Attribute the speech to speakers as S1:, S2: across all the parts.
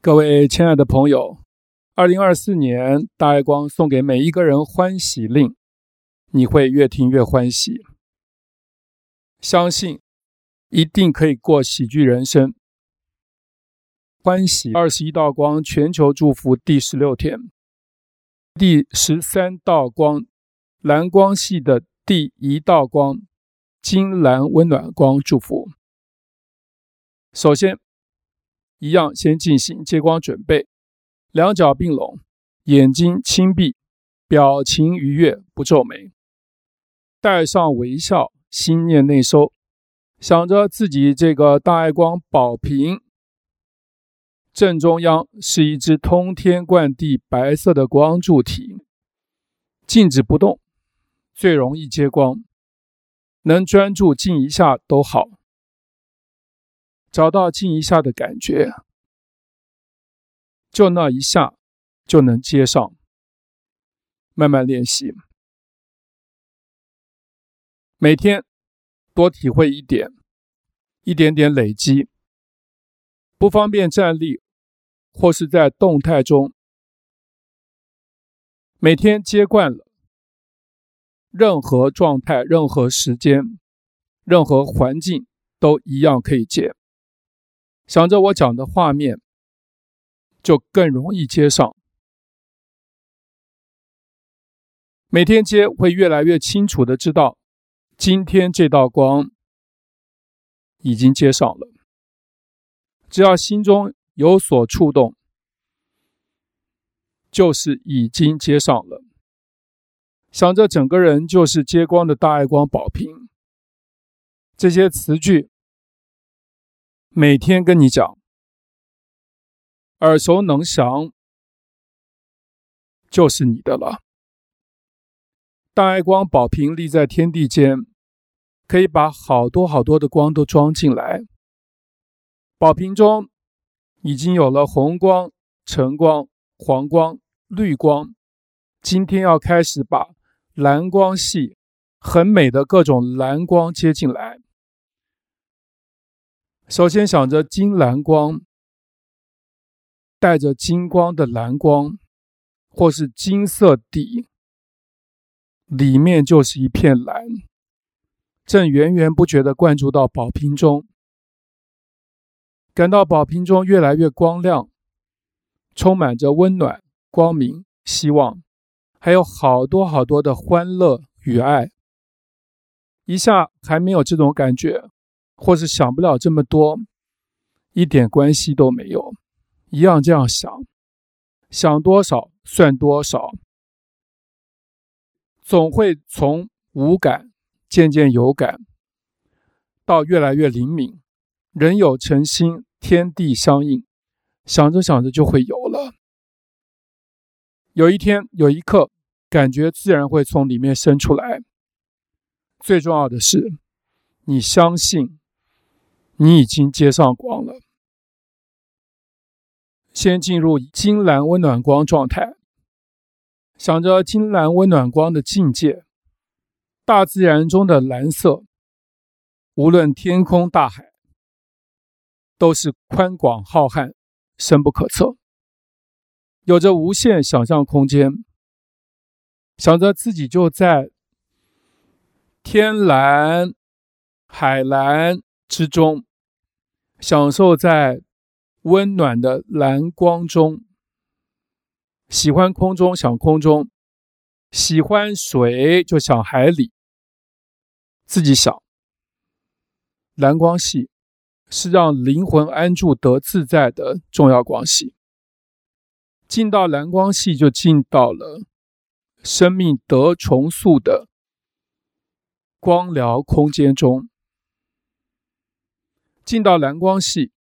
S1: 各位親愛的朋友，二零二四年大愛光送給每一個人歡喜令，你會越聽越歡喜。相信一定可以過喜劇人生。歡喜二十一道光全球祝福第十六天，第十三道光藍光系的第一道光，金藍溫暖光祝福。首先，一樣，先進行接光準備，兩腳併攏，眼睛輕閉，表情愉悅，不皺眉，帶上微笑，心念內收，想着自己這個大愛光寶瓶正中央是一支通天貫地白色的光柱體，靜止不動，最容易接光，能專注靜一下都好。找到靜一下的感覺，就那一下就能接上。慢慢練習，每天多體會一點，一點點累積。不方便站立，或是在動態中，每天接慣了，任何狀態、任何時間、任何環境都一樣可以接。想着我講的畫面，就更容易接上。每天接，會越來越清楚的知道，今天這道光已經接上了。只要心中有所觸動，就是已經接上了。想着整個人就是接光的大愛光寶瓶，這些詞句。每天跟你講，耳熟能詳就是你的了。大愛光寶瓶立在天地間，可以把好多好多的光都裝進來。寶瓶中已經有了紅光、橙光、黃光、綠光，今天要開始把藍光系很美的各種藍光接進來。首先想着金藍光，帶着金光的藍光，或是金色底，裡面就是一片藍，正源源不絕地灌注到寶瓶中，感到寶瓶中越來越光亮，充滿着溫暖、光明、希望，還有好多好多的歡樂與愛。一下還沒有這種感覺。或是想不了這麼多，一點關係都沒有，一樣這樣想，想多少算多少，總會從無感漸漸有感，到越來越靈敏。人有誠心，天地相應，想着想着就會有了。有一天，有一刻，感覺自然會從裡面生出來。最重要的是，你相信。你已經接上光了，先進入金藍溫暖光狀態，想着金藍溫暖光的境界。大自然中的藍色，無論天空、大海，都是寬廣浩瀚、深不可測，有着無限想象空間。想着自己就在天藍、海藍之中。享受在溫暖的藍光中，喜歡空中想空中，喜歡水就想海裡。自己想。藍光系是讓靈魂安住得自在的重要光系。進到藍光系，就進到了生命得重塑的光療空間中。進到藍光系，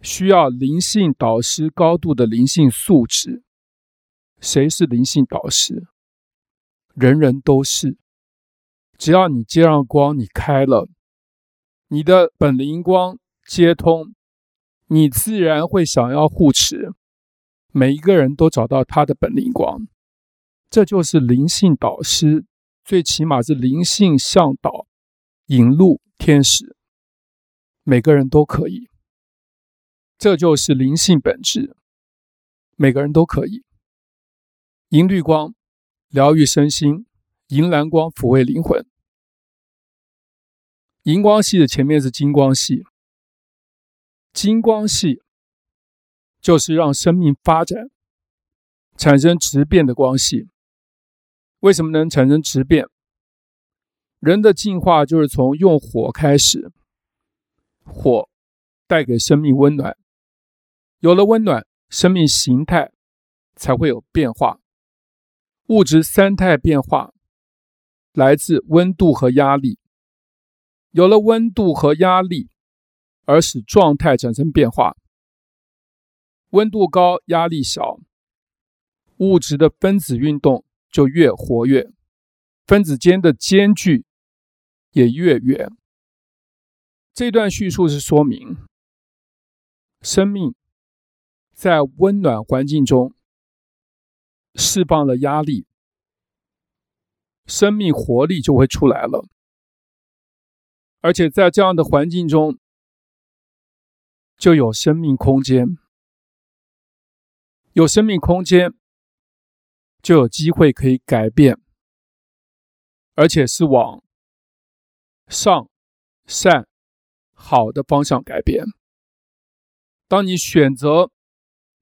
S1: 需要靈性導師高度的靈性素質。誰是靈性導師？人人都是。只要你接上光，你開了，你的本靈光接通，你自然會想要護持。每一個人都找到他的本靈光，這就是靈性導師，最起碼是靈性向導、引路天使。每個人都可以，這就是靈性本質。每個人都可以。銀綠光療癒身心，銀藍光撫慰靈魂。銀光系的前面是金光系，金光系就是讓生命發展產生質變的光系。為什麼能產生質變？人的進化就是從用火開始。火帶給生命溫暖，有了溫暖，生命形態才會有變化。物質三態變化來自溫度和壓力，有了溫度和壓力，而使狀態產生變化。溫度高，壓力小，物質的分子運動就越活躍，分子間的間距也越遠。這段敘述是說明，生命在溫暖環境中釋放了壓力，生命活力就會出來了。而且在這樣的環境中，就有生命空間，有生命空間，就有機會可以改變，而且是往上散。好的方向改變。當你選擇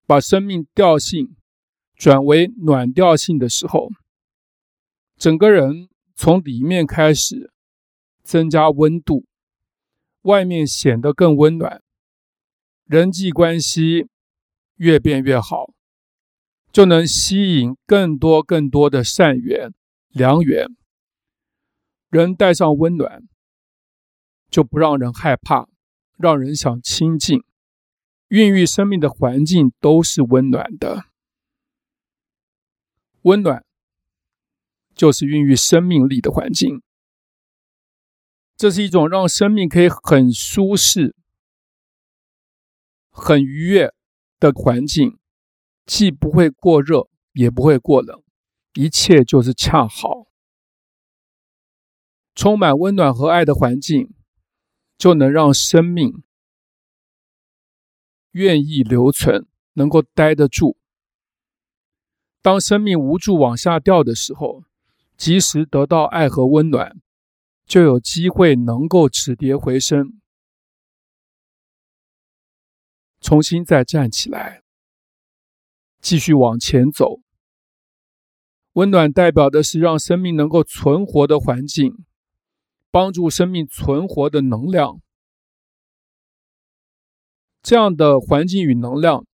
S1: 把生命調性轉為暖調性的時候，整個人從裡面開始增加溫度，外面顯得更溫暖，人際關係越變越好，就能吸引更多更多的善緣、良緣。人帶上溫暖，就不讓人害怕，讓人想親近。孕育生命的環境都是溫暖的，溫暖就是孕育生命力的環境。這是一種讓生命可以很舒適、很愉悅的環境，既不會過熱，也不會過冷，一切就是恰好。充滿溫暖和愛的環境。就能讓生命願意留存，能夠待得住。當生命無助往下掉的時候，及時得到愛和溫暖，就有機會能夠止跌回升，重新再站起來，繼續往前走。溫暖代表的是讓生命能夠存活的環境。幫助生命存活的能量，這樣的環境與能量，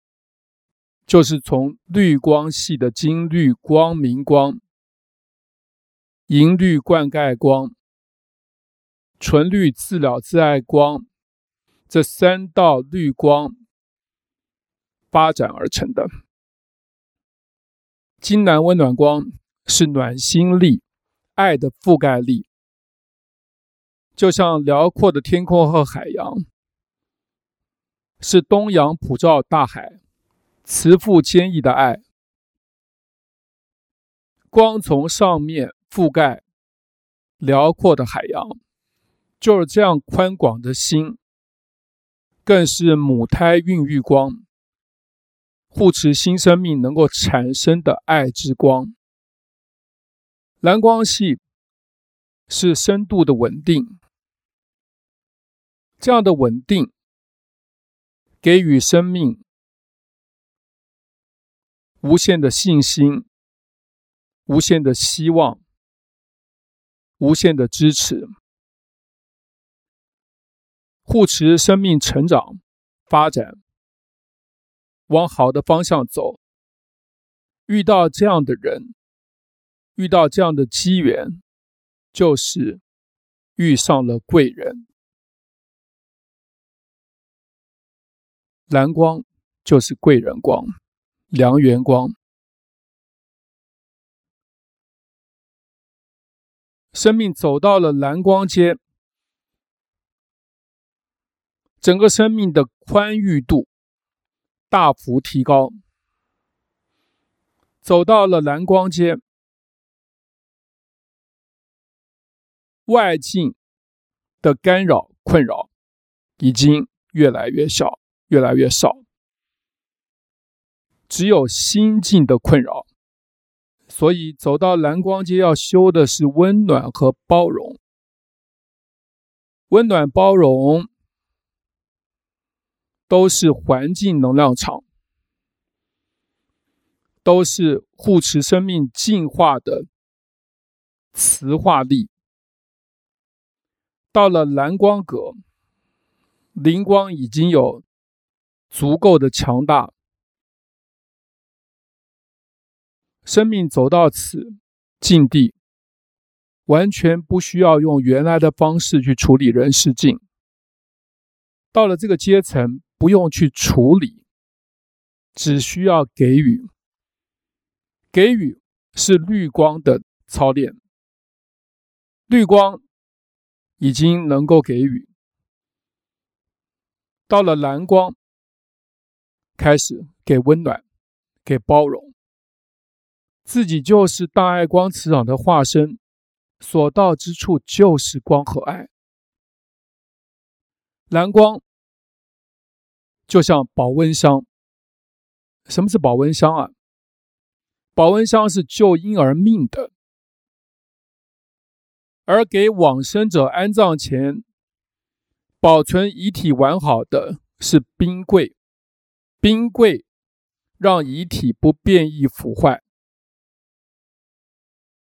S1: 就是從綠光系的金綠光明光、銀綠灌溉光、純綠自療自愛光這三道綠光發展而成的。金藍溫暖光是暖心力、愛的覆蓋力。就像遼闊的天空和海洋，是東陽普照大海，慈父堅毅的愛。光從上面覆蓋遼闊的海洋，就是這樣寬廣的心，更是母胎孕育光，護持新生命能夠產生的愛之光。藍光系是深度的穩定。這樣的穩定，給予生命無限的信心、無限的希望、無限的支持，護持生命成長、發展，往好的方向走。遇到這樣的人，遇到這樣的機緣，就是遇上了貴人。藍光就是貴人光、良緣光，生命走到了藍光階，整個生命的寬裕度大幅提高。走到了藍光階，外境的干擾困擾已經越來越小。越來越少，只有心境的困擾。所以走到藍光街要修的是溫暖和包容，溫暖包容都是環境能量場，都是護持生命進化的磁化力。到了藍光閣，靈光已經有。足夠的強大，生命走到此境地，完全不需要用原來的方式去處理人事境。到了這個階層，不用去處理，只需要給予。給予是綠光的操練，綠光已經能夠給予。到了藍光。開始給溫暖，給包容，自己就是大愛光磁場的化身，所到之處就是光和愛。藍光就像保溫箱。什麼是保溫箱啊？保溫箱是救嬰兒命的，而給往生者安葬前保存遺體完好的是冰櫃。冰櫃讓遺體不變異腐壞，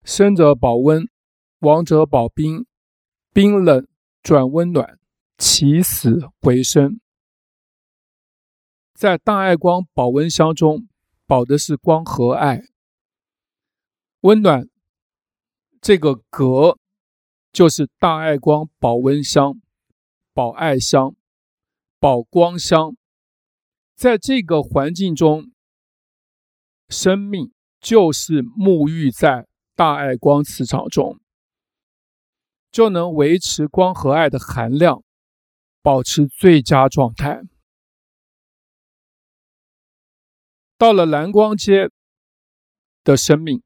S1: 生者保溫，亡者保冰，冰冷轉溫暖，起死回生。在大愛光保溫箱中，保的是光和愛。溫暖，這個格就是大愛光保溫箱，保愛箱，保光箱。在這個環境中，生命就是沐浴在大愛光磁場中，就能維持光和愛的含量，保持最佳狀態。到了藍光街的生命，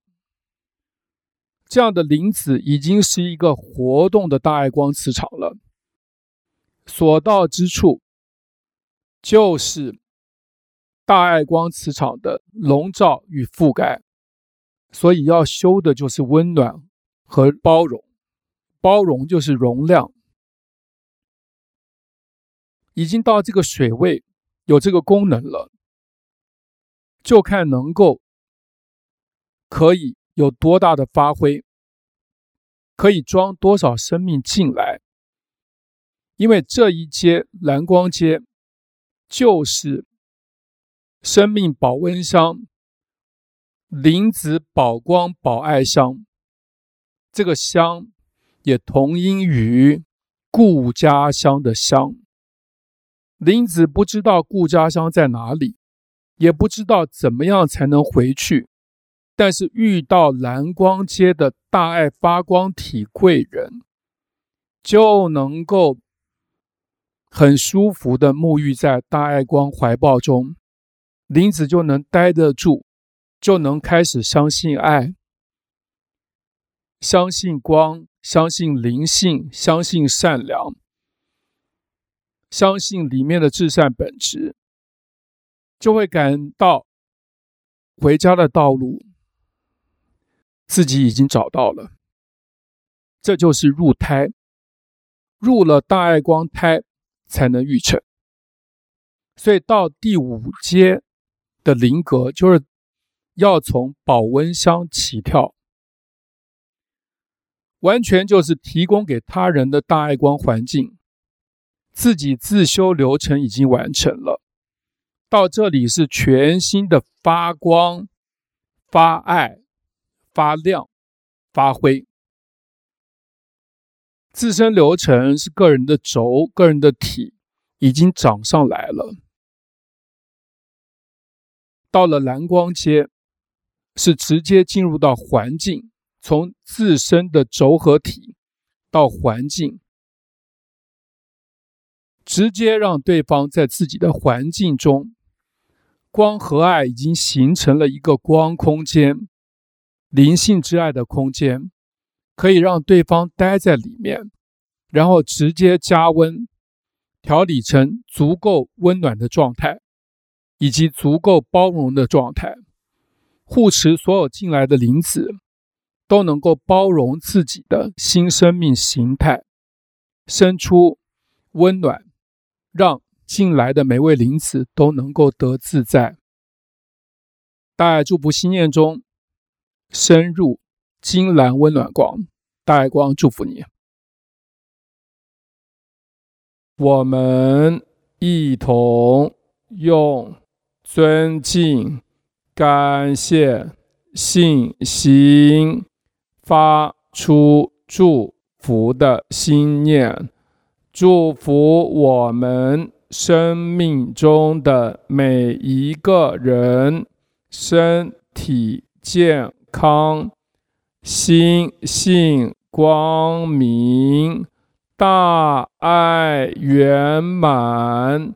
S1: 這樣的靈子已經是一個活動的大愛光磁場了，所到之處就是。大愛光磁場的籠罩與覆蓋，所以要修的就是溫暖和包容。包容就是容量，已經到這個水位，有這個功能了，就看能夠可以有多大的發揮，可以裝多少生命進來。因為這一階藍光階就是。生命保溫箱，林子保光保愛箱，這個箱也同音於故家鄉的鄉。林子不知道故家鄉在哪裡，也不知道怎麼樣才能回去，但是遇到藍光街的大愛發光體貴人，就能夠很舒服的沐浴在大愛光懷抱中。靈子就能待得住，就能開始相信愛，相信光，相信靈性，相信善良，相信裡面的至善本質，就會感到回家的道路自己已經找到了。這就是入胎，入了大愛光胎，才能育成。所以到第五階。的靈格就是要從保溫箱起跳，完全就是提供給他人的大愛光環境，自己自修流程已經完成了，到這裡是全新的發光、發愛、發亮、發揮。自身流程是個人的軸、個人的體，已經長上來了。到了藍光系，是直接進入到環境，從自身的軸合體到環境，直接讓對方在自己的環境中，光和愛已經形成了一個光空間，靈性之愛的空間，可以讓對方待在裡面，然後直接加溫，調理成足夠溫暖的狀態。以及足夠包容的狀態，護持所有進來的靈子都能夠包容自己的新生命形態，生出溫暖，讓進來的每位靈子都能夠得自在。大愛祝福心念中，深入金藍溫暖光，大愛光祝福你。
S2: 我們一同用。尊敬、感謝、信心，發出祝福的心念，祝福我們生命中的每一個人，身體健康，心性光明，大愛圓滿。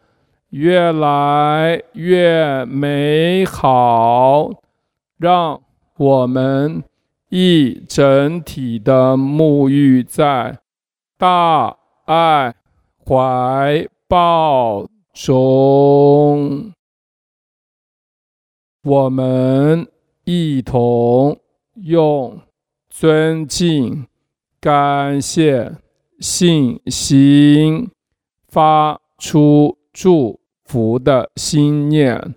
S2: 越來越美好，讓我們一整體的沐浴在大愛懷抱中。我們一同用尊敬、感謝、信心發出祝。福的心念，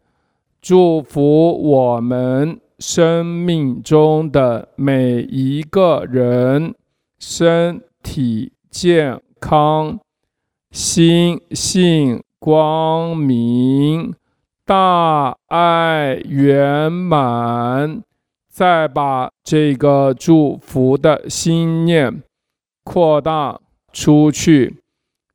S2: 祝福我們生命中的每一個人，身體健康、心性光明、大愛圓滿。再把這個祝福的心念擴大出去，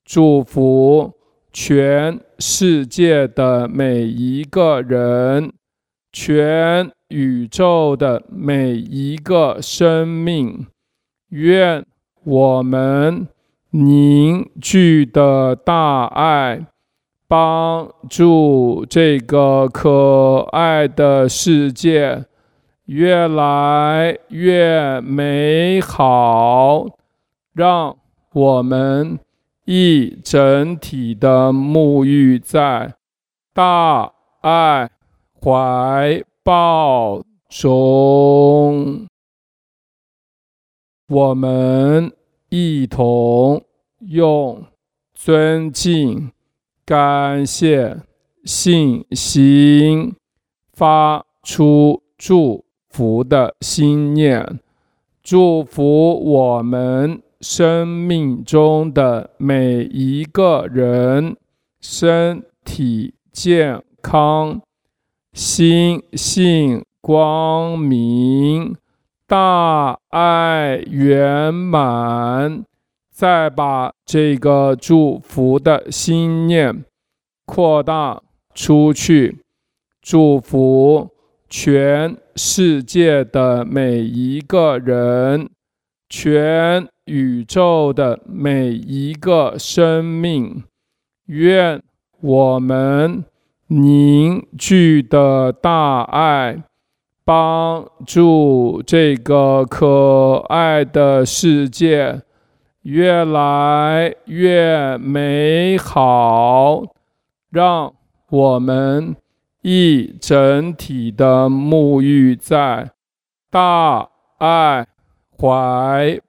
S2: 祝福全。世界的每一個人，全宇宙的每一個生命，願我們凝聚的大愛，幫助這個可愛的世界越來越美好，讓我們。一整體的沐浴在大愛懷抱中，我們一同用尊敬、感謝、信心，發出祝福的心念，祝福我們，生命中的每一個人，身體健康，心性光明，大愛圓滿。再把這個祝福的心念擴大出去，祝福全世界的每一個人，全宇宙的每一個生命，願我們凝聚的大愛，幫助這個可愛的世界越來越美好，讓我們一整體的沐浴在大愛懷抱。